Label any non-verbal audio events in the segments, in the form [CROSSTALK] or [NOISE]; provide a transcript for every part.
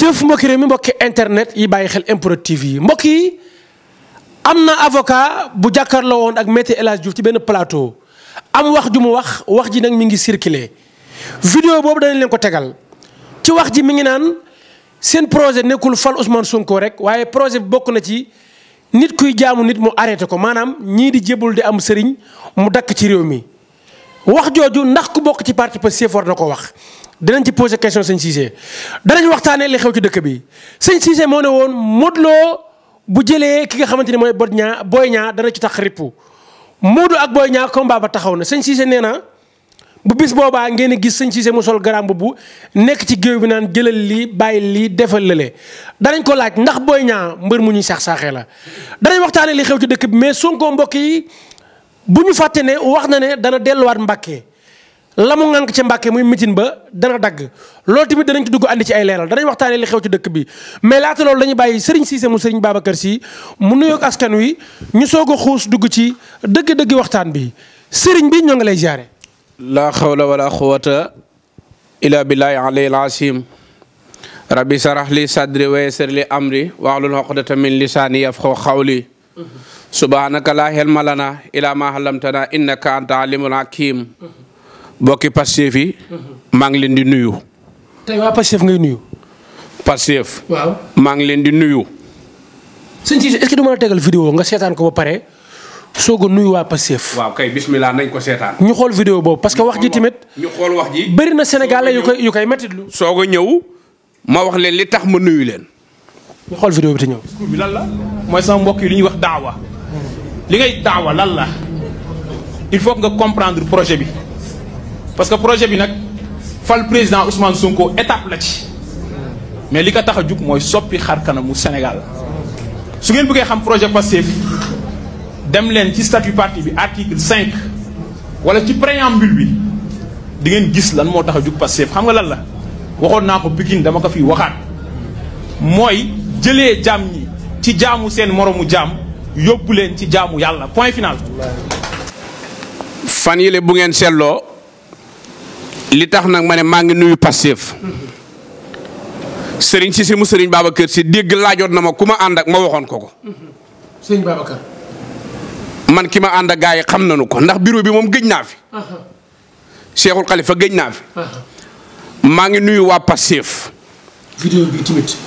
jërëjëf mbokki réew mi mbokki internet yi bàyyi xel MPROD yi mbokk yi am na avocat bu jàkkaarloo woon ak maître El Hadji ci benn plateau am wax ju mu wax wax ji nag mi ngi circulé vidéo boobu danañ leen ko tegal ci wax ji mi ngi naan seen projet nekkul fal Ousmane Sonko rek waaye projet bi bokk na ci nit kuy jaamu nit mu arrêté ko maanaam ñii di jébul di am sëriñ mu dakk ci réew mi wax jooju ndax ku bokk ci parti Pastef war na ko wax danañ ci posé question sëñ Cissé danañ waxtaanee li xew ci dëkk bi sëñ Cissé moo ne woon Modou Lo bu jëlee ki nga xamante ni mooy bot ñaa booy ñaa dana ci tax rippu Modou ak booy ñaa combat ba taxaw na sëñ Cissé nee na bu bis boobaa ngeen gis sëñ Cissé mu sol garaam bu nekk ci géew bi naan jëlal lii bàyyi lii defal lële danañ ko laaj ndax booy ñaa mbër mu ñuy saax saaxee la. danañ waxtaanee li xew ci dëkk bi mais Sonko mbokk yi bu ñu fàtte ne wax na ne dana delluwaat Mbàkke la mu ngànk ci Mbàkke muy mitin ba dana dagg loolu tamit danañ ci dugg andi ci ay leeral waxtaan waxtaanee li xew ci dëkk bi mais laata loolu dañuy bàyyi Serigne Cissé mu Serigne Babacar Sy mu nuyoog askan wi ñu soog a xuus dugg ci dëgg-dëgg waxtaan bi sëriñ bi ñoo ngi lay jaare laa xawla wala quwata ila billahi alil asim rabbi sarax li sadri wa yassir li amri wahlul uqdata min lisani yafqahu qawli subhanaka la hilma lana ila ma allamtana innaka mbokki Pastef yi. maa ngi leen di nuyu. tey waa Pastef ngay nuyu. Pastef. waaw maa ngi leen di nuyu. sëñ Cissé est-ce du mën a tegal vidéo nga seetaan ko ba pare soog a nuyu waa Pastef. waaw kay bismillah nañ ko ñu xool vidéo boobu parce que wax ji tamit. ñu xool wax ji bëri na Sénégalais yu koy yu koy mettitlu. soog ñëw ma wax leen li tax ma nuyu leen. ñu xool vidéo bi te ñëw. la mooy sama mbokk yi li ñuy wax daawa. li ngay daawa lan la il faut nga comprendre projet bi. parce que projet bi nag fal président Ousmane Sonko étap la ci mais li ko tax a jug mooy soppi xar kanamu Sénégal su ngeen bëggee xam projet Pastef dem leen ci statut parti bi article 5 wala ci préambule bi di ngeen gis lan moo tax a jug Pastef xam nga lan la waxoon naa ko Pikine dama ko fi waxaat mooy jëlee jaam ñi ci jaamu seen moromu jaam yóbbu leen ci jaamu yàlla point final. fan yile bu ngeen seetloo. li tax nag ma ne maa ngi nuyu Pastef sëriñ si si mu sëriñ Babacar si dégg laajoon na ma ku ma ànd ak ma waxoon ko ko. man ki ma ànd ak gars yi xam nañu ko ndax bureau bi moom gëj naa fi. Cheikhul Khalifa gëj naa fi. maa ngi nuyu waa Pastef.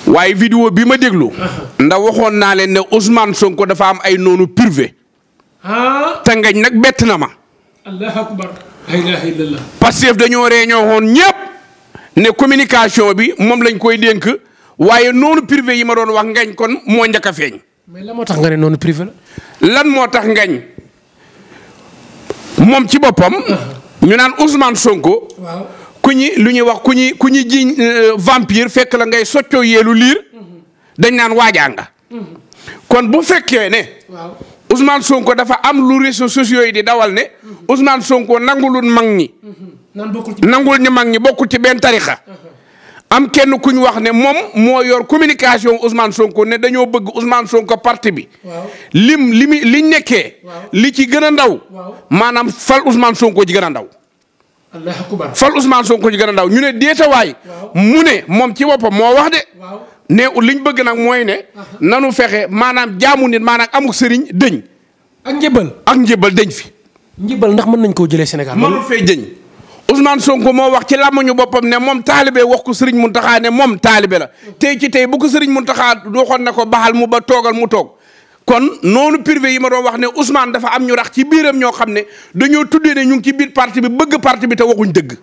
waaye vidéo bi ma déglu. ndax waxoon naa leen ne Ousmane Sonko dafa am ay noonu privé. Ah. te ngañ nag bett na ma. Pastef dañoo réunion woon ñëpp ne communication bi moom lañ koy dénk waaye noonu privé yi ma doon wax ngañ kon moo njëkk a feeñ. mais lan moo tax nga noonu privé la. lan moo tax ngañ moom ci boppam. Uh-huh. ñu naan Ousmane Sonko. waaw ku ñi lu ñuy wax ku ñi ku ñi jiñ euh, vampire fekk la ngay soccoo yeelu liir. Uh-huh. dañ naan waajaa nga. Uh-huh. kon bu fekkee ne. waaw Ousmane Sonko dafa am lu réseaux sociaux yi di dawal ne Ousmane Sonko nangulul mag ñi. nangul ñu mag ñi bokkul ci benn tarixa am kenn ku ñu wax ne moom moo yor communication Ousmane Sonko ne dañoo bëgg Ousmane Sonko parti bi. lim li mu liñ nekkee. li ci gën a ndaw. maanaam fal Ousmane Sonko ci gën ndaw. fal Ousmane Sonko ci ndaw ñu ne déetawaay. mu ne moom ci boppam moo wax de. ne liñ bëgg nag mooy ne. nanu fexe maanaam jaamu nit maanaam amuk sëriñ dëñ. ak njëbal ak njëbal dëñ fi. njëbal ndax mën nañ koo jëlee Sénégal. mënu fee dëñ Ousmane sonk moo wax ci làmmiñu boppam ne moom taalibe wax ko mun Mountakha ne moom taalibe la tey ci tey bu ko Serigne Mountakha waxoon ne ko baxal mu ba toogal mu toog kon noonu privé yi ma doon wax ne Ousmane dafa am ñu rax ci biiram ñoo xam ne dañoo tuddee ne ñu ngi ci biir parti bi bëgg parti bi te waxuñ dëgg.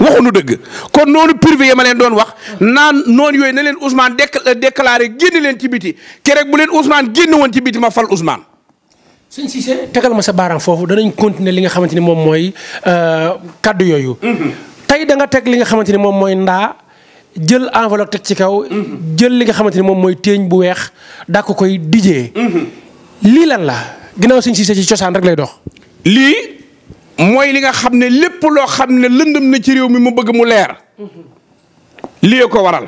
waxuñu dëgg kon noonu privé yi ma leen doon wax naan noon yooyu na leen Ousmane euh, déclaré génn leen ci biti keroog bu leen Ousmane génn woon ci biti ma fal Ousmane. sëñ Cissé tegal ma sa baaraam foofu danañ continuer li nga xamante ni moom mooy euh, kàddu yooyu. Mm-hmm. tey da nga teg li nga xamante ni moom mooy ndaa jël enveloppe teg ci kaw. Mm-hmm. jël li nga xamante ni moom mooy téeñ bu weex daa ko koy dijee. Mm-hmm. lii lan la ginnaaw sëñ Cissé ci cosaan rek lay dox. lii. mooy li nga xam ne lépp loo xam ne lëndëm na ci réew mi mu bëgg mu leer lii ko waral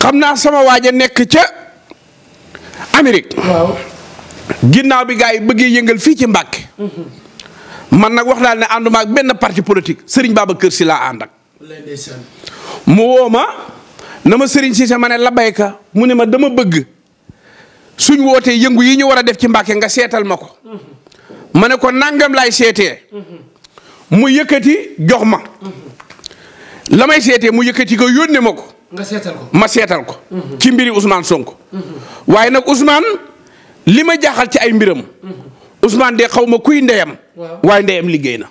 xam naa sama waaj a nekk ca Amérique ginnaaw bi gars yi bëggee yëngal fii ci Mbàkke man nag wax daal ne ànduma benn parti politique Serigne Babacar Sy laa ànd ak mu woo ma na ma Serigne Cissé ma ne la bayka mu ne ma dama bëgg suñ wootee yëngu yi ñu war a def ci Mbàkke nga seetal ma ko mm-hmm. ma ne ko nangam laay seetee mu yëkkati jox ma la may seetee mu yëkkati ko yónnee ma ko. nga seetal ko ma seetal ko. ci mbiri Ousmane Sonko. waaye nag Ousmane li ma jaaxal ci ay mbiram. Ousmane de xaw ma kuy ndeyam. waaye ndeyam liggéey na.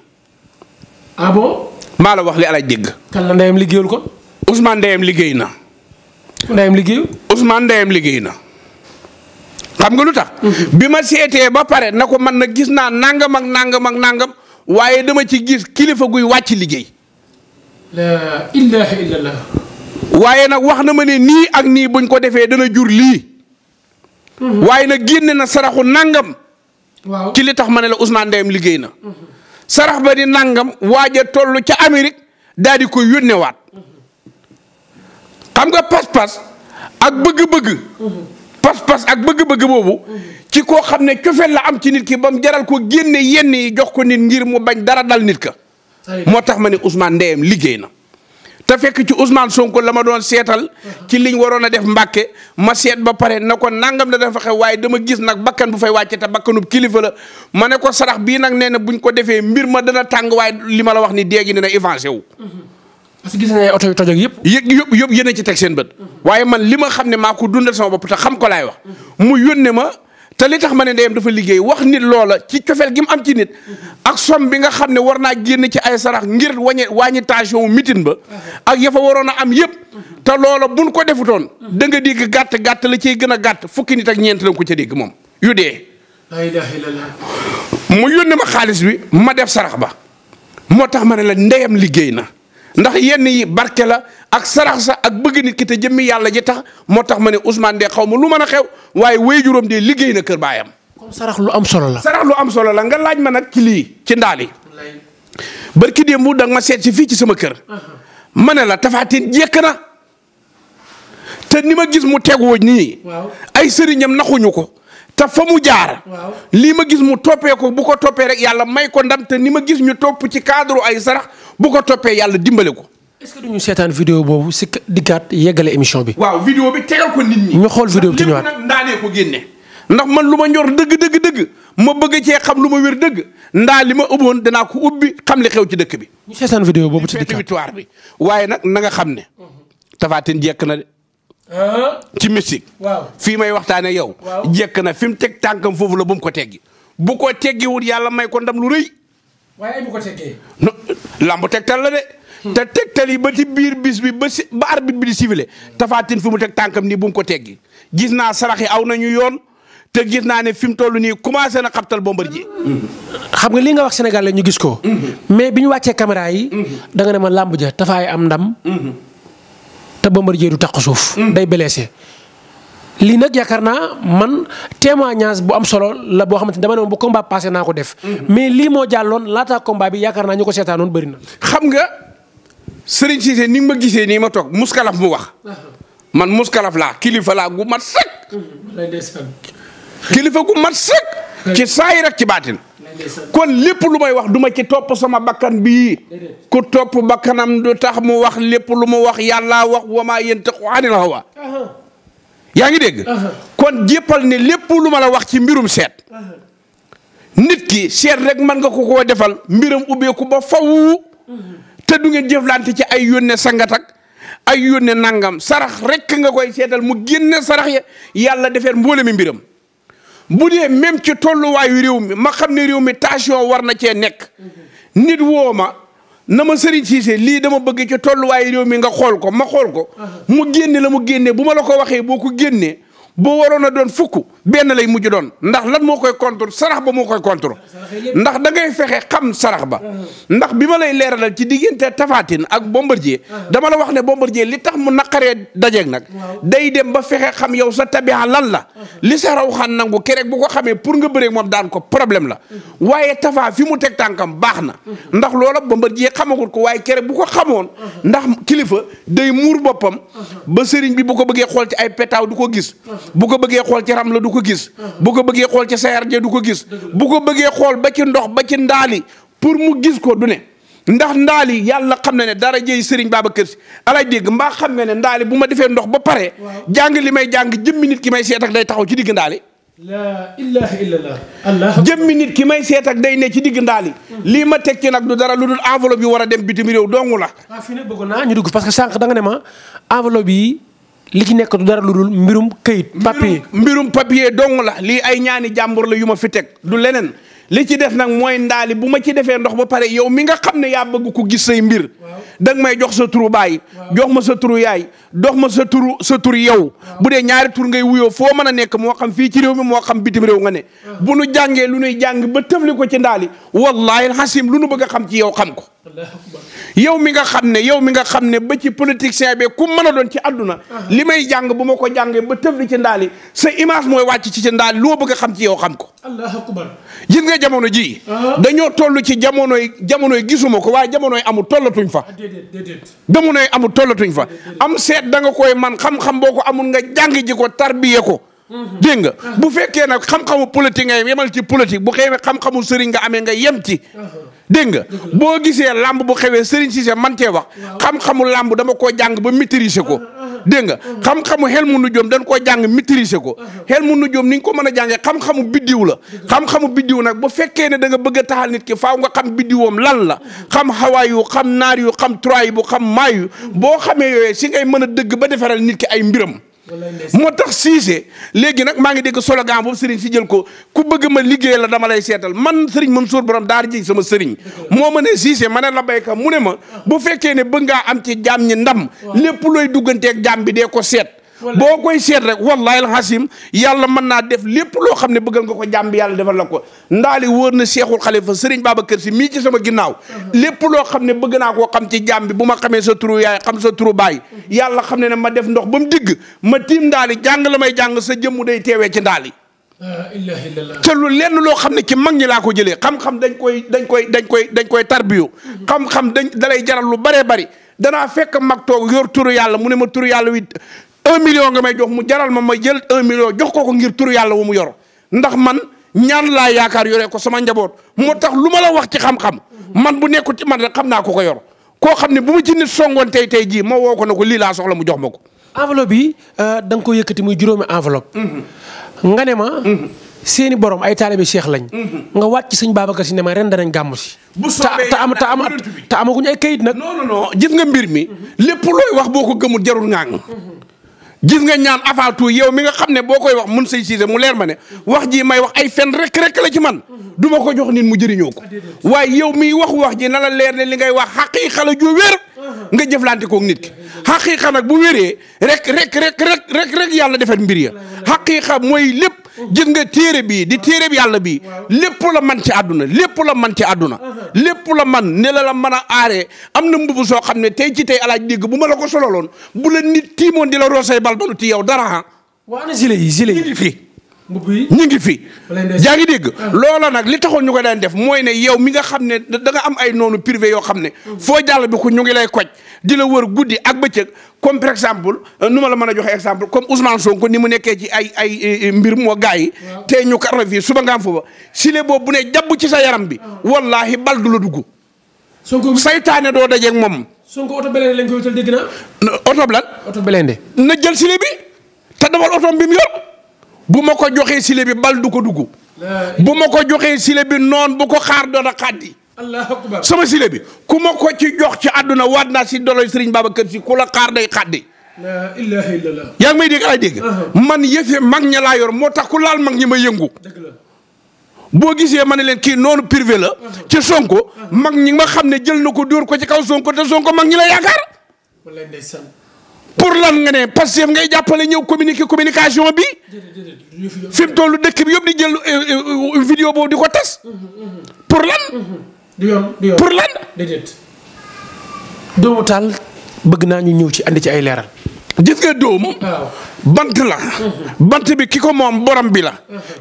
ah bon. maa la wax li alaj dégg. kan la ndeyam ko. Ousmane liggéey na. ndeyam liggéeyul. Ousmane ndeyam liggéey na. xam nga lu tax. Mhm. bi ma seetee ba pare na ko man nag gis naa nangam ak nangam ak nangam waaye dama ci gis kilifa guy wàcc liggéey. waaye nag wax na ma ne nii ak nii buñ ko defee dana jur lii. Mhm. waaye nag génne na saraxu nangam. waaw ci li tax ma ne la Ousmane Ndeyem liggéey na. Mhm. sarax ba di nangam waaja tollu ca Amérique daal di koy yónnewaat. xam nga pas-pas ak bëgg-bëgg. pas-pas ak bëgg-bëgg boobu ci koo xam ne cofeel la am ci nit ki ba mu jaral ko génne yenn yi jox ko nit ngir mu bañ dara dal nit ka moo tax ma ne Ousmane ndeyam liggéey na te fekk ci Ousmane Sonko la ma doon seetal ci liñ waroon a def mbakke ma seet ba pare na ko nangam la dafa xew waaye dama gis nag bakkan bu fay wàcce te bakkanub kilifa la ma ne ko sarax bi nag nee na buñ ko defee mbir ma dana tàng waaye li ma la wax ni déegi ne na évancé wu mhm. parce que gis nañ oto yu toj ak yëpp. yëpp yëpp yéen a ci teg seen bët. waaye man li ma xam ne maa ko dundal ba bopp te xam ko laay wax. mu yónnee ma te li tax ma ne ndeyam dafa liggéey wax nit loola ci cofeel gi mu am ci nit. ak som bi nga xam ne war naa génn ci ay sarax ngir wàññi wàññi tension mitin ba. ak ya waroon a am yëpp. te loola buñ ko defutoon. da nga dégg gàtt gàtt la cay gën a gàtt fukki nit ak ñeent la ko ca dégg moom yu dee. mu yónnee xaalis bi ma def sarax ba moo tax ma ne la ndeyam liggéey na ndax yenn yi barke la ak sarax sa ak bëgg nit ki te jëmmi yàlla ji tax moo tax ma ne Ousmane de xaw ma lu mën a xew waaye waajuram de liggéey na kër baayam. kon sarax lu am solo la. sarax am solo la nga laaj ma nag ci lii ci ndaal yi. barki démb da nga ma seet si fii ci sama kër. ma ne la tafaatin jekk na te ni ma gis mu tegoo nii. ay sëriñam naxuñu ko. te fa mu jaar. lii ma gis mu toppee ko bu ko toppee rek yàlla may ko ndam te ni ma gis ñu topp ci cadre ay sarax bu ko toppee yàlla dimbale ko. est-ce que duñu seetaan vidéo boobu si diggaat yeggale émission bi. waaw vidéo bi tegal ko ñu xool vidéo bi ci ñëwaat ndax nag ko génne. ndax man lu ma ñor dëgg dëgg dëgg ma bëgg cee xam lu ma wér dëgg ndaa li ma ubboon danaa ko ubbi xam li xew ci dëkk bi. ñu seetaan vidéo boobu ci diggaat victoire bi waaye nag na nga xam ne. Tapha Tine jekk na de. ci mystique. waaw fii may waxtaanee yow. waaw jekk na fi mu teg tànkam foofu la bu mu ko teggi bu ko teggiwul yàlla may ko ndam lu rëy. waaye bu ko teggee. no lamb tegtal la de. te tegtal yi ba ci biir bis bi ba si ba arbitre bi di civilé tafaatin fi mu teg tànkam nii bu mu ko teggi gis naa sarax yi aw na ñu yoon. te gis naa ne fi mu toll nii commencé na xabtal ji xam nga li nga wax Sénégal la ñu gis ko. Mm-hmm. mais bi ñu wàccee caméra yi. Mm-hmm. da ne ma làmb ja tafaay am ndam. Mm-hmm. te Bombardier du taq suuf. Mm. day blessé. lii nag yaakaar naa man témoignage bu am solo la boo xamante ne dama ne moom bu combat naa ko def. Mm. mais lii moo jàlloon laataa combat bi yaakaar naa ñu ko seetaanoon bëri na. xam nga Serigne Cissé ni ma gisee nii ma toog muskalaf mu wax. Ah. man muskalaf laa kilifa laa gu mat sëkk. Mm. kilifa gu mat sëkk. ci saayir ak ci baatin. kon lépp lu may wax duma ci topp sama bakkan bii ku topp bakkanam du tax mu wax lépp lu ma wax yàllaa wax wa maa yantiqu anil hawa yaa ngi dégg kon jéppal ne lépp lu ma la wax ci mbirum seet nit ki seet rek mën nga ko koo defal mbiram ubbeeku ba faw te du ngeen jëflante ci ay yónne sangatak ay yónne nangam sarax rek nga koy seetal mu génne sarax ya yàlla defeer mboole mi mbiram bu dee même ci tolluwaayu réew mi ma xam ne réew mi tension war na cee nekk nit woo ma na ma sëriñ Cissé lii dama bëgg ci tolluwaayu réew mi nga xool ko ma xool ko uh-huh. mu génne la mu génne bu ma la ko waxee boo ko génnee boo waroon a doon fukk benn lay mujj doon ndax lan moo koy contre sarax ba moo koy contre ndax da ngay fexe xam sarax ba ndax bi ma lay leeralal ci diggante tafaatin ak bombardier dama la wax ne bombardier li tax mu naqaree dajeeg nag day dem ba fexe xam yow sa tabiha lan la li sa raw xan nangu kereeg bu ko xamee pour nga bëree moom daan ko problème la waaye tafaa fi mu teg tànkam baax na ndax loola bombardier xamagul ko waaye kereeg bu ko xamoon ndax kilifa day muur boppam ba sëriñ bi bu ko bëggee xool ci ay pétaaw du ko gis bu ko bëggee xool ci ram ko gis bu ko bëggee xool ci CRD du ko gis bu ko bëggee xool ba ci ndox ba ci ndaali pour mu gis ko du ne ndax ndaali yàlla xam na ne dara jëy Serigne Babacar Sy alay dégg mbaa xam nga ne ndaali bu ma defee ndox ba pare jàng li may jàng jëmmi nit ki may seet day taxaw ci digg ndaali la ilaha illallah allah jëmmi nit ki may seet day ne ci digg ndaal yi. Hmm. lii ma teg ci nag du dara lu dul enveloppe yi war a dem bitim réew dongu la. Ah, parce que sànq danga ne ma enveloppe li ci nekk du dara lu dul mbirum këyit. papier mbirum papier dong la lii ay ñaani jàmbur la yu ma fi teg du leneen. li ci def nag mooy ndaali bu ma ci defee ndox ba pare yow mi nga xam ne yaa bëgg ko gis say mbir danga may jox sa turu baay jox ma sa turu yaay dox ma sa turu sa tur yow bu dee ñaari tur ngay wuyoo foo mën a nekk moo xam fii ci réew mi moo xam bitim réew nga ne bu nu jàngee lu nuy jàng ba tëfli ko ci ndaali wallahi alxasim lu nu bëgg a xam ci yow xam ko yow mi nga xam ne yow mi nga xam ne ba ci politicien be ku mën a doon ci àdduna ah. li may jàng bu ma ko jàng ba tëfli ci ndaali sa image mooy wàcc ci ci ndaali loo bëgg xam ci yow xam ko nga jamono jii. Uh-huh. dañoo toll ci jamonoy jamonoy gisuma ko waaye jamonoy amul tollatuñ fa. Ah, jamonoy amul tollatuñ fa. am seet da nga koy man xam-xam boo ko amul nga jàng ji ko tarbiye ko. Mm-hmm. dégg nga ah. bu fekkee nag xam-xamu politique nga yemal ci politique bu xewee xam-xamu sëriñ nga amee nga yem ci. Uh-huh. dégg nga boo gisee làmb bu xewee sëriñ Cissé man cee wax. xam-xamu làmb dama koo jàng ba maîtriser ko. Uh-huh. dégg nga xam-xamu xel mu nu joom dañ koo jàng maîtriser ko xel joom ni nga ko mën a jàngee xam-xamu biddiw la xam-xamu biddiw nag bu fekkee ne da nga bëgg a taxal nit ki faaw nga xam biddiwam lan la xam xawaay yu xam naar yu xam trois yu bu xam maay boo xamee yooyu si ngay mën a dëgg ba defaral nit ki ay mbiram moo tax Cissé léegi nag maa ngi dégg slogan boobu sëriñ si jël ko ku bëgg ma liggéey la dama lay seetal man sëriñ Mansour borom daara ji sama sëriñ moo mën a Cissé ma ne la béykat mu ne ma bu fekkee ne bëgg ngaa am ci jaam ñi ndam lépp looy dugganteeg jaam bi dee ko seet boo koy seet rek wallahi alhasim yàlla mën naa def lépp loo xam ne bëggal nga ko jàmm bi yàlla defal la ko ndaali wóor na seexul xalifa sëriñ kër Si mii ci sama ginnaaw lépp loo xam ne bëgg naa koo xam ci jàmm bu ma xamee sa turu yaay xam sa turu baay yàlla xam ne na ma def ndox ba mu digg ma tiim ndaali jàng la may jàng sa jëmmu day teewee ci ndaali te lu lenn loo xam ne ci mag ñi laa ko jëlee xam-xam dañ koy dañ koy dañ koy dañ koy tarbiyu xam-xam dañ dalay jaral lu bare bari danaa fekk mag toog yor yàlla mu ne ma turu wi un million may jox mu jaral ma ma jël un million jox ko ko ngir tur yàlla wu mu yor ndax man ñaan laa yaakaar yoree ko sama njaboot moo tax lu ma la wax ci xam-xam man bu nekkul ci man rek xam naa ko ko yor koo xam ne bu mu ci songoon tey tey jii ma woo ko na ko lii laa soxla mu jox ma ko. enveloppe bi euh, da nga yëkkati muy juróomi enveloppe. Mm-hmm. nga ne ma. Mm-hmm. seeni borom ay taalibe cheikh lañ. Mm-hmm. nga wàcc ci sëñ Babacar Si ne ma ren danañ gàmm si. bu soobee te am te te amaguñ ay kayit nag. non non non nga mbir mi. lépp looy wax boo ko gëmul jarul ngaa gis nga ñaan avant tout yow mi nga xam ne boo koy wax mun say siise mu leer ma ne wax ji may wax ay fen rek rek la ci man duma ko jox nit mu jëriñoo ko waaye yow miy wax wax ji na la leer ne li ngay wax xaqiiqa la ju wér nga jëflante koog nit ki xaqiiqa nag bu wéree rek rek rek rek rek rek yàlla defar mbir ya xaqiiqa mooy lépp gis nga téere bii di téere bi yàlla bii lépp la man ci àdduna lépp la man ci àdduna lépp la man ne la la mën a aaree am na mbubu soo xam ne tey ci tey alaaj dégg bu ma la ko loon bu la nit tiimoon di la roosay bal dalu ti yow dara ah waa ana fii ñu ngi fi yaa ngi dégg ah. loola nag li taxoon ñu ko daan def mooy ne yow mi nga xam ne da am ay noonu privé yoo xam ne mm. foo jàll bi ko ñu ngi lay koj di la wër guddi ak bëccëg comme par exemple euh, nu ma la mën a joxe exemple comme Ousmane Sonko ni mu nekkee ci ay ay euh, euh, mbir moo gaa yi tey ñu kar la fii suba nga am foofa boobu bu ne jàpp ci sa yaram bi ah. wallahi bal la dugg saytaane doo dajeeg moom Sonko oto blindé lañ koy wutal dégg naa oto lan oto blindé na jël sile bi te dawal oto bi yor bu ma ko joxee sile bi bal du ko dugg bu ma ko joxee sile bi noon bu ko xaar doon a xaddi sama sile bi ku ma ko ci jox ci àdduna waat naa si doloy Serigne Babacar Si ku la xaar day xaddi la ilaha illallah yaa ngi may dégg ay dégg man yëfe mag ña laa yor moo tax ku laal mag ñi ma yëngu boo gisee ma ne leen kii noonu privé la ci Sonko mag ñi nga xam ne jël na ko dóor ko ci kaw Sonko te mag ñi la yaakaar wala pour lan nga ne parce que ngay jàppale ñëw communiquer communication bi. fi mu toll dëkk bi yëpp di jël euh, euh, vidéo boobu di ko tas. pour lan. du pour lan. déedéet. taal bëgg naa ñu ñëw ci andi ci ay leeral. gis nga dóom bant la bant bi ki ko moom borom bi la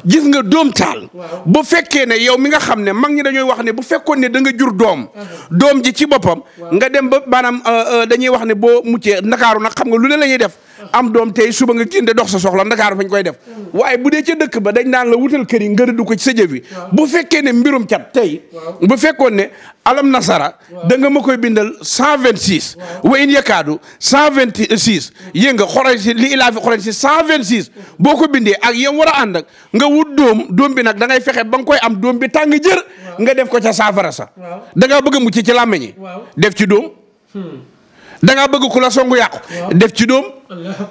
gis nga doom taal bu fekkee ne yow mi nga xam ne mag ñi dañuy wax ne bu fekkoon ne da nga jur doom doom ji ci boppam nga dem ba maanaam euh, euh, dañuy wax ne boo muccee ndakaaru na xam nga lu ne lañuy def am doom tey suba nga kiinde dox sa soxla ndakaaru fañ koy def mm. waaye bu dee ca dëkk ba dañ naan la wutal kër yi du ko ci sa jëfi bu fekkee ne mbirum cat tey bu fekkoon ne alam nasara da nga ma koy bindal cent vingt six wa in yakaadu cent vingt six yéen nga xoray si li ilaa fi xoray si cent vingt six boo ko bindee ak yéen war a ànd ak nga wut doom doom bi nag da ngay fexe ba nga koy am doom bi tàng jër nga def ko ca saafara sa da ngaa mu ci mucc ci làmmeñi def ci doom hmm. danga ngaa bëgg ku la songu yàqu def ci doo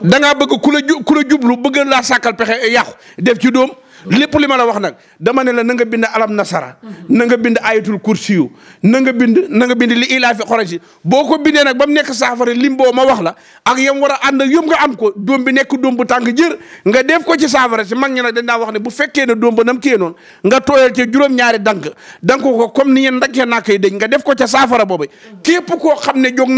da ngaa bëgg ku la ju ku la jublu bëgg laa sàkkal pexe yàqu def ci doom lépp li ma la wax nag dama ne la na nga bind alam nasara na nga bind ayatul kursi yu na nga bind na nga bind li ilaafi Quraysh boo ko bindee nag ba mu nekk saafara lim boo ma wax la ak yam war a ànd ak yom nga am ko doom bi nekk doom bu tàng jër nga def ko ci saafara si mag ñi la dañ daa wax ne bu fekkee ne doom ba nam téye noon nga tooyal ci juróom-ñaari dank dank ko comme ni ngeen ndakkee naa koy dëj nga def ko ca saafara boobu képp koo xam ne jóg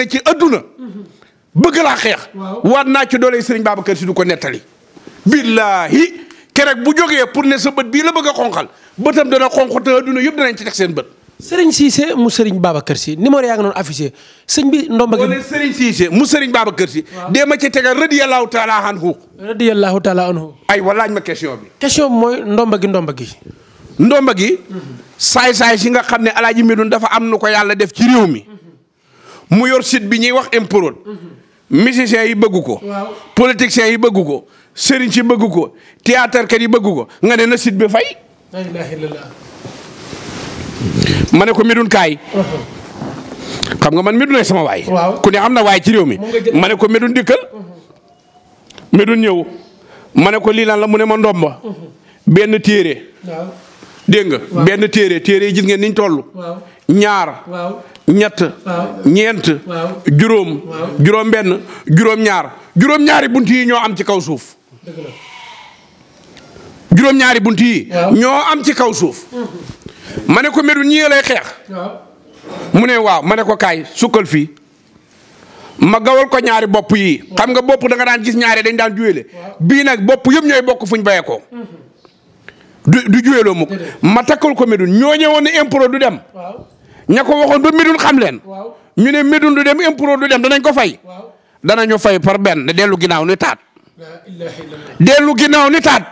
bëgg laa xeex. waat naa ci doole sëriñ Babacar si du ko nettali. billaahi kerek bu jogee pour ne sa bët bii la bëgg a xonqal bëtam dana xonq te adduna yëpp danañ ci teg seen bët. sëriñ Cissé mu Serigne Babacar Sy numéro yaa ngi noonu affiché sëñ bi ndomba. wala Serigne Cissé mu Serigne Babacar kër waaw dee ma ci tegal radiyallahu taala anhu. radiyallahu taala anhu. ay walaaj ma question bi. question bi mooy ndomba gi ndomba gi. Mhm. saay saay si nga xam ne alaaji Medoune dafa am nu ko yàlla def ci réew mi. Mhm. mu yor site bi ñuy wax imporoon. Mhm. musiciens yi bëgg ko. waaw politiciens yi bëgg ko. sëriñ si bëgg ko théâtre yi bëgg ko nga ne na site bi fay. la ko Médoune kaay. Uh-huh. xam nga man Médoune sama waay. waaw ku ne am na waay ci réew mi. ma ne ko Médoune dikkal. Uh-huh. Médoune ñëw. ma ne ko lii lan la mu ne ma ndomba. Uh-huh. benn téere. waaw dégg nga benn téere téere yi gis ngeen niñ toll. ñaar. ñett ñeent juróom juróom benn juróom ñaar juróom ñaari bunt yi ñoo am ci kaw suuf juróom ñaari yi ñoo am ci kaw suuf ma ne ko medu ñii lay xeex mu ne waaw ma ne ko kaay sukkal fii ma gawal ko ñaari bopp yi xam nga bopp da nga daan gis ñaari dañ daan juwele bii nag bopp yëpp ñooy bokk fuñ bayee ko mhm. du du juweloo mukk ma takkal ko medu ñoo ñëwoon ne impro du dem ña ko waxoon ba Médoune xam leen. ñu ne Médoune du dem impro du dem danañ ko fay. danañu fay par benn dellu ginnaaw ni taat. dellu ginnaaw ni taat.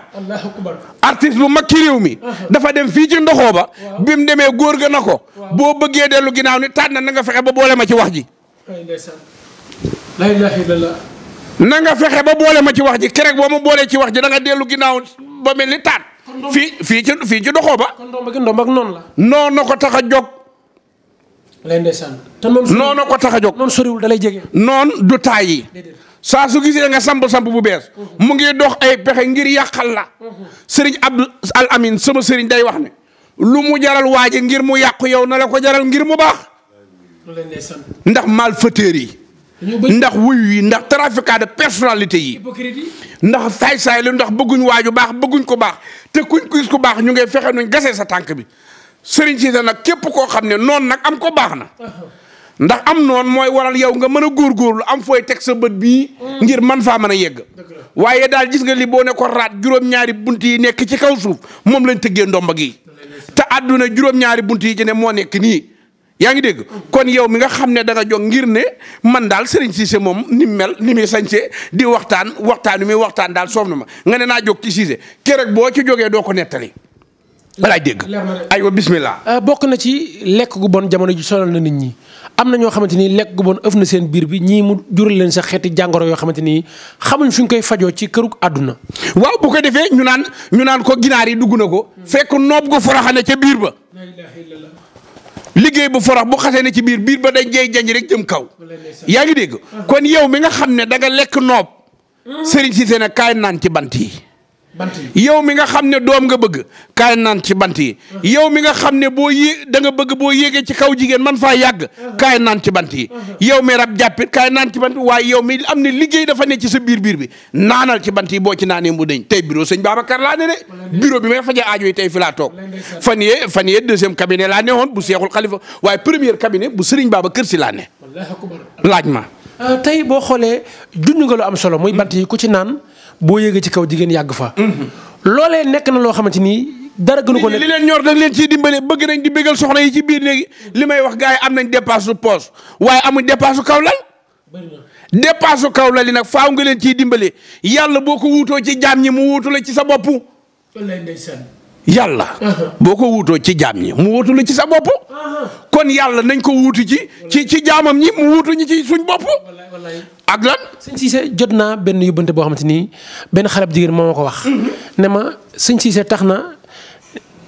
artiste bu mag ci réew mi. dafa dem fii ci ndoxoo ba. bi demee góor ga na ko. boo bëggee dellu ginnaaw ni taat na na fexe ba boole ma ci wax ji. la ilaha illallah. na nga fexe ba boole ma ci wax ji kerek boo ma boolee ci wax ji da nga dellu ginnaaw ba mel ni taat. fii fii ci fii ci ndoxoo ba. kon ndomba gi ndomba noonu la. noonu na ko tax a jóg. lay ndeysaan te noonu ko tax a jóg noonu soriwul da lay jege. noonu du taay yi. saa su gisee nga samp samp bu bees. Mhm. mu ngi dox ay pexe ngir yàqal la. Mhm. sëriñ Abdou Al Amin sama sëriñ day wax ne. lu mu jaral waaje ngir mu yàqu yow na la ko jaral ngir mu baax. ndax malfaiteur yi. ndax wuyu yi ndax trafiquant de personnalité yi. ndax saay saay lu ndax bëgguñ waaju baax bëgguñ ko baax te kuñ kuis ku baax ñu ngay fexe nuñ gasee sa tànk bi. sëriñ Cissé nag képp koo xam ne noonu nag am ko baax na ndax am noon mooy waral yow nga mën a góor góorgóorlu am fooy teg sa bët bii ngir man faa mën a yegg waaye daal gis nga li boo ne ko raat juróom-ñaari bunt yi nekk ci kaw suuf moom lañ tëggee ndomba gi te àdduna juróom-ñaari bunt yi ci ne moo nekk nii yaa ngi dégg kon yow mi nga xam ne da nga jóg ngir ne man daal Serigne Cissé moom ni mu mel ni muy sañse di waxtaan waxtaan wi muy waxtaan daal soof na ma nga ne naa jóg ci Cissé boo ci jógee doo ko nettali balaay dégg. aywa bismillah. Euh, bokk na ci lekk gu bon jamono ji solal na nit ñi am na ñoo xamante ni lekk gu bon ëf na seen biir bi ñii mu jural leen sa xeeti jàngoro yoo xamante ni xamuñ fi ñu koy fajoo ci kërug àdduna. waaw bu ko defee ñu naan ñu naan ko ginaar yi dugg na ko. fekk noob ko foraxane ca biir ba. liggéey bu forax bu xasee ne ci biir biir ba dañ jey janj rek jëm kaw. yaa ngi dégg. Ah. kon yow mi nga xam ne da nga lekk noob. sëriñ si seen kaay naan ci bant yi. yow mi nga xam ne doom nga bëgg kaay naan ci bant yi yow mi nga xam ne boo yé danga bëgg boo yéegee ci kaw jigéen man faa yàgg kaay naan ci bant yi yow mi rab jàppit kaay naan ci bant waaye yow mi am ne liggéey dafa ne ci sa biir biir bi naanal ci bant yi boo ci naanee mu deñ tey bureau sëñ Babacar laa ne de bureau bi may faja aajo yi tey fi laa fan yee fan yee deuxième cabinet laa ne woon bu seexul xalifa waaye premier cabinet bu sëriñ Babacar si laa ne laaj ma euh, tey boo xoolee junj nga lu am solo muy bant yi ku ci naan boo yéegee ci kaw jigéen yàgg fa. loole nekk na loo xamante ni. dara gënu ko nekk li leen ñor dañ leen ciy dimbale bëgg nañ di bégal soxna yi ci biir léegi li may wax gaa yi am nañ dépasse su poos waaye amuñ dépasse su kaw lal. dépasse su kaw lal yi nag faaw nga leen ciy dimbale yàlla boo ko wuutoo ci jaam ñi mu wuutu la ci sa bopp. yàlla. Uh-huh. boo ko wuutoo ci jaam ñi mu wuutu la ci sa bopp. Uh-huh. kon yàlla nañ ko wuutu ci ci ci jaamam ñi mu wuutu ñi ci suñ bopp. ak lan. sëñ Cissé jot naa benn yóbbante boo xamante ni benn xale bu jigéen moom ma ko wax. Mm-hmm. ne ma sëñ Cissé tax na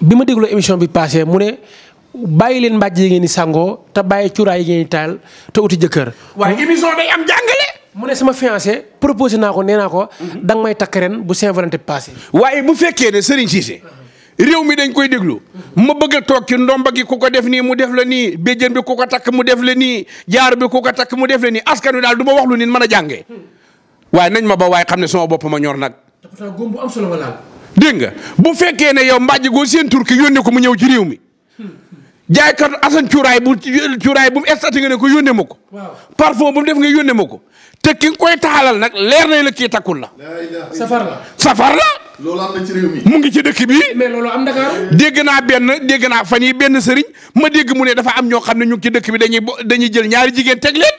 bi ma dégloo émission bi passé mu ne bàyyi leen mbàjj yi ngeen di sangoo te bàyyi cuuraay yi ngeen taal te uti jëkkër. waaye émission day am jàngale. mu ne sama fiancé proposé naa ko nee naa ko mm-hmm. danga may takk ren bu Saint-Valentin passé. waaye bu fekkee ne Serigne Cissé. Uh-huh. réew mi dañ koy déglu ma bëgg a toog ci ndomba gi ku ko def nii mu def la nii béjjën bi ku ko takk mu def la nii jaar bi ku ko takk mu def la nii askan wi daal du ma wax lu nit mën a jàngee waaye nañ ma ba waaye xam ne sama bopp ma ñor nag. góom bu am solo nga dégg nga bu fekkee ne yow mbàjj goo seen tur ki yónnee ko mu ñëw ci réew mi. jaaykat asan cuuraay bu cuuraay bu mu estati nga ne ko yónnee ma ko. parfum bu mu def nga yónnee ma ko. te ki nga koy taxalal nag leer nañ la kii takkul la. safar loolu mu ngi ci dëkk bi. mais loolu am Dakar. dégg naa benn dégg naa fan yi benn sëriñ ma dégg mu ne dafa am ñoo xam ne ñu ngi ci dëkk bi dañuy dañuy jël ñaari jigéen teg leen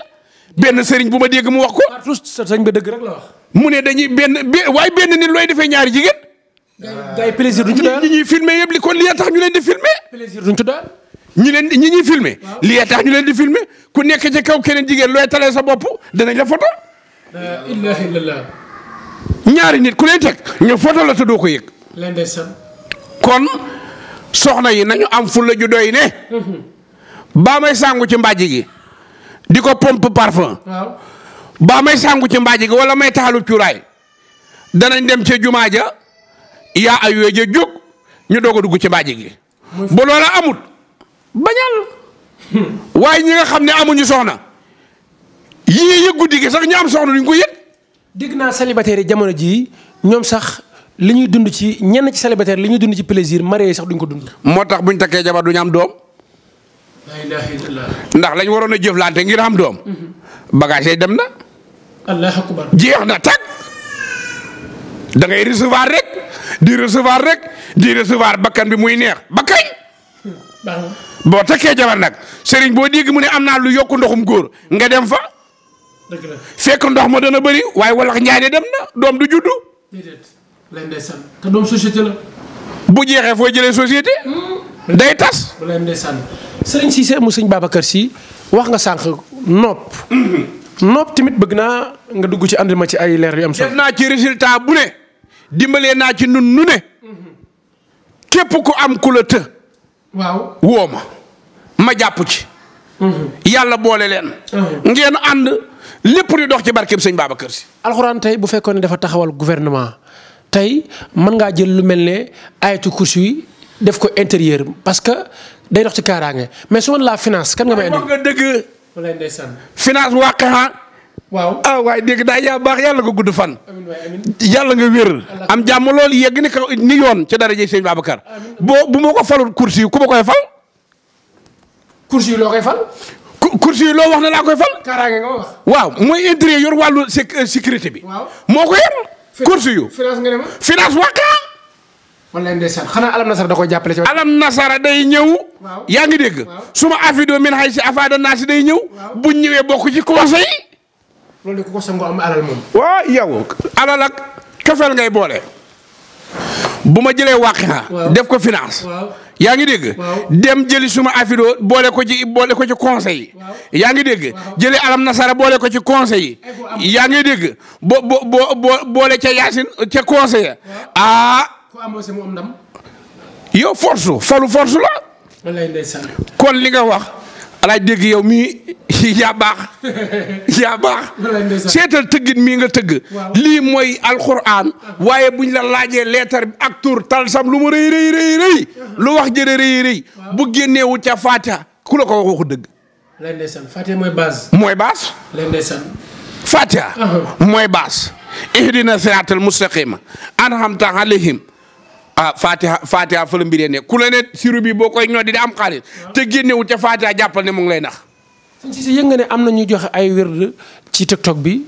benn sëriñ bu ma dégg mu wax ko. tous sëriñ ba dëgg rek la wax. mu ne dañuy benn be waaye benn nit looy defee ñaari jigéen. day plaisir duñ ci daal ñi ñuy yëpp li kon li tax ñu leen di filmé. plaisir duñ ñu leen ñi ñuy filmé. li tax ñu leen di filmé ku nekkee ci kaw keneen jigéen looy talee sa bopp danañ la photo. la ilaha illallah. ñaari nit ku lay teg ñu foto la te ko yëg. kon soxna yi nañu am fulla ju doy ne. baa may sangu ci mbàjj gi di ko pompe parfum. baa may sangu ci mbàjj gi wala may taxalu cuuraay danañ dem ci jumaa ja yaa ay weeja jóg ñu doog dugg ci mbàjj gi. bu loola amut bañal. Hmm. waaye ñi nga xam ne amuñu soxna yii yëg guddi gi sax ñu am soxna duñ ko yëg. dégg naa célibataire yi jamono jii ñoom sax li ñuy dund ci ñenn ci célibataire li ñuy dund ci plaisir marié sax duñ ko dund. moo tax buñ takkee jabar duñu am doom. ndax lañ waroon a jëflante ngir am doom. Mm-hmm. yi dem na. allahu jeex na tag da recevoir rek di recevoir rek di bakkan bi muy neex ba boo takkee jabar nag sëriñ boo dégg mu ne am naa lu yokk ndoxum góor nga dem fa. fekk ndox ma dana bari waaye walax njaay dem na doom du juddu. déedéet ndeysaan doom société la. bu jeexee foo jëlee société. Hmm. day tas. bu lay ndeysaan sëriñ Cissé mu sëñ Babacar Sy wax nga sànq nopp. Hmm. nopp tamit bëgg naa nga dugg ci ànd ma ci ay leer yu am solo. naa ci résultat bu ne dimbalee naa ci nun nu ne. Hmm. képp ku am ku la të. waaw woo ma ma jàpp ci. yàlla boole leen. ngeen ànd. lépp di dox ci barkeem sëñ Babacar Si. alxuraan tey bu fekkoon ne dafa taxawal gouvernement tey mën ngaa jël lu mel ne ayatu kursi yi def ko intérieur parce que day dox ci kaaraange mais su ma la finance kan nga may indi. nga dëgg. walaay waaw ah waaye dégg daal yaa baax yàlla nga gudd fan. yàlla nga wér. am jàmm loolu yegg ni ko ni yoon ca daraja sëñ Babacar. boo bu ma ko falul kursi yi ku koy fal. kursi yi loo koy fal. course yi loo wax na laa koy fal. kaaraange nga wax. waaw mooy intérêt yor wàllu euh, sécurité bi. waaw moo ko yor. course yu finance nga ma. finance wàqaa. walaay xanaa alam nasara da koy jàppale ci. alam nasara day ñëw. yaa ngi dégg. suma afidoo min xay si afaada day ñëw. ñëwee bokk ci conseil yi. loolu ku ko sangoo am alal moom. waaw ak kafel ngay boole. bu ma jëlee wàqaa. def ko finance. yaa ngi dégg dem jëli suma afido boole ko ci boole ko ci conseil yi yaa ngi dégg jëli alam nasara boole ko ci conseil yi yaa ngi dégg bo bo bo boole ca yaasin ca conseil ya ah yow force falu force la kon li nga wax alaaj dégg yow mii [LAUGHS] yaa baax [LAUGHS] yaa baax seetal tëggin mii nga tëgg lii mooy alquran waaye buñ la laajee leetar bi ak tur sam lu mu rëy rëy rëy lu wax jëre rëy rëy bu génneewu ca faatiha ku la ko wax waxu dëgg mooy baas mooy baas faatiha mooy baas ihdina siraatal mustaqima an'amta alayhim ah Fatiha Fatiha fa la mbiree ne ku la ne siru bi boo koy ñoo di da am xaalis te génnewul ca Fatiha jàppal ne mu ngi lay nax. sëñ si yëg nga ne am na ñuy joxe ay wérd ci TikTok bi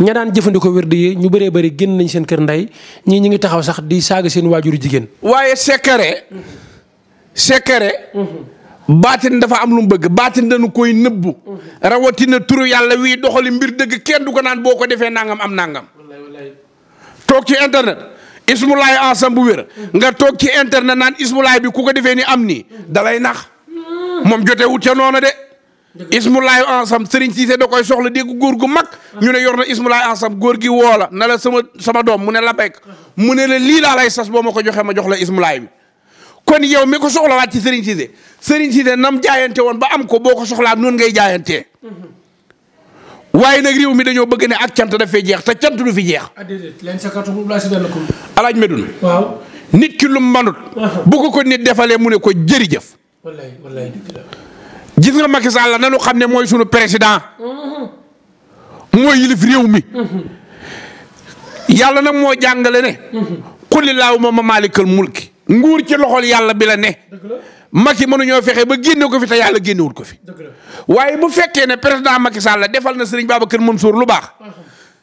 ña daan jëfandikoo wérd yi ñu bëree bëri génn nañ seen kër ndey ñii ñu ngi taxaw sax di saaga seen waajuru jigéen. waaye secret. secret. baatin dafa am lu mu bëgg baatin dañu koy nëbbu. rawatina turu yàlla wii doxali mbir dëgg kenn du ko naan boo ko defee nangam am nangam. toog ci ismulaay ansam bu wér nga toog ci internet naan ismulaay bi ku ko defee ni am nii da lay nax moom jote wut ca noonu de ismulaay ansam Serigne Cissé da koy soxla dégg góor gu mag ñu ne yor na ismulaay ansam góor gi woola la na la sama sama doom mu ne la bekk mu ne la lii laa lay sas boo ma ko joxee ma jox la ismulaay bi kon yow mi ko soxla waat ci Serigne Cissé Serigne Cissé nam jaayante woon ba am ko boo ko soxlaa noonu ngay jaayantee waaye nag réew mi dañoo bëgg ne ak cant daf fay jeex te cant du fi jeex. Ah, alaaj medun waaw nit ki lu manut bu ko ko nit defalee mu ne ko jëri jëf wallaay gis nga Macky na nanu xam ne mooy sunu président. mooy yilif réew mi. yàlla nag moo jàngale ne. Uhuh. qul allaahumma maalikal mulki nguur ci loxol yàlla bi la ne. Macky mënuñoo fexe ba génne ko fi te yàlla génnewul ko fi. waaye bu fekkee ne président Macky Sall defal na sëriñ Babacar Mansour lu baax.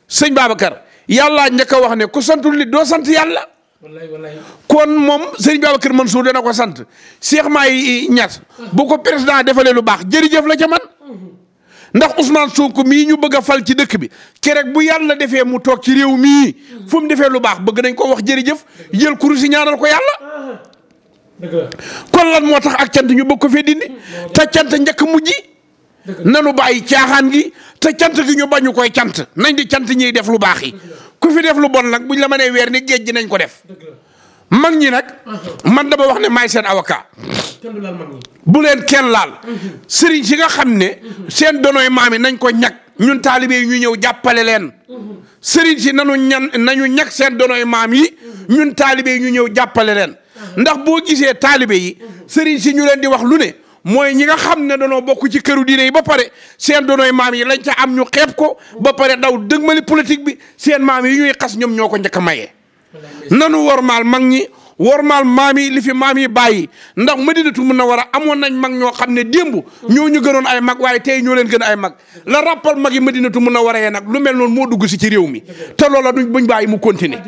sëñ Babacar yàlla njëkk a wax ne ku santul nit doo sant yàlla. wallaay wallaay kon moom sëriñ Babacar Mansour dana ko sant Cheikh Mahi Niass. boo ko président defalee lu baax jërëjëf la ca man. Mhm. ndax Ousmane Sonko mii ñu bëgg a fal ci dëkk bi keroog bu yàlla defee mu toog ci réew mii fu defee lu baax bëgg nañ ko wax jërëjëf jël kurus ñaanal ko yàlla. kon lan moo tax ak cant ñu bëgg ko fee dindi te cant njëkk mujj nanu bàyyi caaxaan gi te cant gi ñu bañu koy cant nañ di cant ñiy def lu baax yi ku fi def lu bon nag buñ la mënee weer ni géej gi nañ ko def mag ñi nag ah, ah. man dama wax ne maay seen avocat bu leen kenn laal mm-hmm. sëriñ si nga xam ne mm-hmm. seen donoy maam yi nañ ko ñag ñun taalibe yi ñu ñëw jàppale leen mm-hmm. sëriñ si nanu ñan nañu ñag seen donoy maam yi ñun taalibe yi ñu ñëw jàppale leen ndax boo gisee taalibe yi sëriñ si ñu leen di wax lu ne mooy ñi nga xam ne danoo bokk ci këru diine yi ba pare seen donooy maam yi lañ ca am ñu xeeb ko ba pare daw dëgmali politique bi seen maam yi ñuy xas ñoom ñoo ko njëkk a maye. nanu wormaal mag ñi wormaal maam yi li fi maam yi bàyyi ndax madinatu munawara amoon nañ mag ñoo xam ne démb ñoo ñu gënoon ay mag waaye tey ñoo leen gën ay mag la rappal mag yi madinatu munawara yee nag lu mel noon moo dugg si ci réew mi te loola duñ buñ bàyyi mu continuer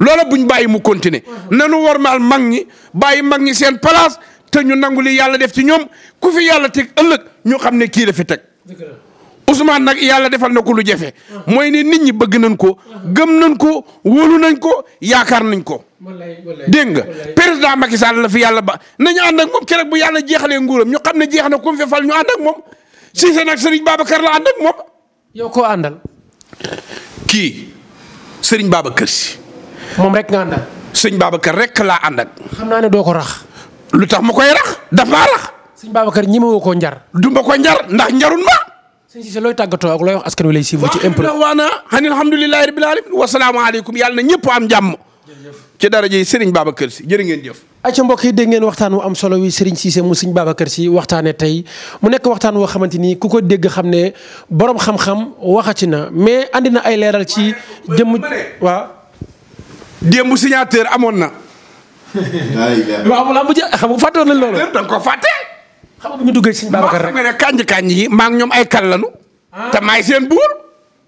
loola buñ bàyyi mu continuer nanu warmaal mag ñi bàyyi mag ñi seen place te ñu nangu li yàlla def ci ñoom ku fi yàlla teg ëllëg ñu xam ne kii la fi teg Ousmane nag yàlla defal na ko lu jafe mooy ne nit ñi bëgg nañ ko gëm nañ ko wóolu nañ ko yaakaar nañ ko dégg nga président Macky Sall la fi yàlla ba nañu ànd ak moom keroog bu yàlla jeexalee nguuram ñu xam ne jeex na ku mu fi fal ñu ànd ak moom Cissé nag Serigne baaba kër ànd ak moom. yow koo àndal. kii Serigne Babacar si. moom rek nga àndal. sëñ Babacar rek laa ànd ak. xam naa ne doo ko rax. lu tax ma koy rax daf maa rax. sëñ Babacar ñemewoo koo njar. du ma ko njar ndax njarun ma. sëñ Cissé looy tàggatoo ak looy wax askan wi lay siiw ci impro. waaw waaw xanaa alhamdulilah rabbil alamin wasalaamaaleykum yàlla na ñëpp am jàmm. ci daraja yi Serigne Babacar Sy jërë ngeen jëf. ayca mbokk yi dégg ngeen waxtaan wu am solo wi Serigne Cissé mu Serigne Babacar Sy waxtaanee tey mu nekk waxtaan woo xamante ni ku ko dégg xam ne boroom xam-xam waxati na mais andi na ay leeral ci jëmm. waaw. démb signateur amoon na. waaw mu la mujj xam nga fàtte woon loolu. da nga ko fàtte. xam bu ñu duggee si Babacar rek maa ne kànj kànj yi maa ñoom ay kal lanu. Ah. te maay seen buur.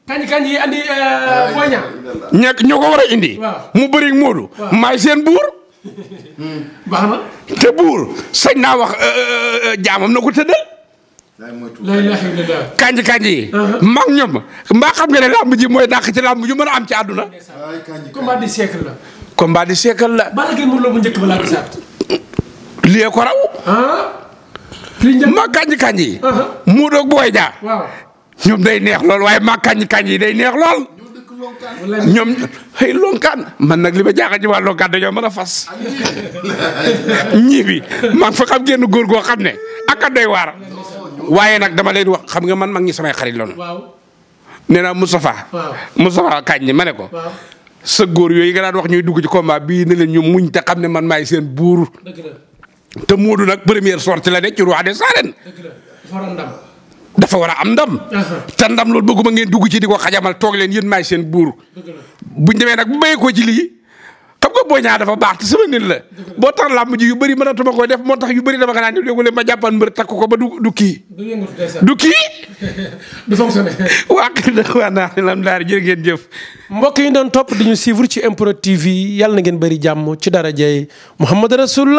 kànj kànj yi andi euh, ñoo ko war a indi. mu bëri Moodu. maay seen buur. baax na. te buur sañ naa wax euh, euh, jaamam na ko tëddal. lay leexi la daal kanji kanji yi. Uh-huh. mag ñoom mbaa xam nga ne làmb mooy dàq ci làmb ju mën a am ci àdduna. combat du siècle la. combat njëkk ba laa gisaat. lii ko raw. Uh-huh. li mag kanji kanji yi. Uh-huh. mu doog booy jaa. ñoom day neex lool waaye mag kanji kanji yi day neex lool. ñoom xëy lonkaan man nag li ma jaaxal ci waa lonkaan dañoo mën a fas. [LAUGHS] ñii bi maa xam génn góor goo xam ne ak a doy waar. waaye nag dama leen wax xam nga man mag ñi samay xarit loon nee naa Moustapha Moustapha Kañ ma ne ko sa góor yooyu nga daan wax ñuy dugg ci combat bii ne leen ñu muñ te xam ne man maay seen buur te Modou nag première sortie la de ci roi des arènes dafa war a am ndam uh-huh. te ndam loolu bëgguma ngeen dugg ci di ko xajamal toog leen yéen maay seen buur buñ demee nag bu béyee ko ci lii ko Boy Niang dafa baax te sama nit la boo tax làmb ji yu bëri mënatuma koy def moo tax yu bëri dama ko naan léegi ma jàppan mbër takk ko ba du du kii. du kii. [LAUGHS] du fonctionné. [LAUGHS] waa kër waa naa lam daal jërë ngeen jëf. mbokk yi ñu doon topp di ñu suivre ci MPROD TV yàlla na ngeen bëri jàmm ci dara jëye Mouhamed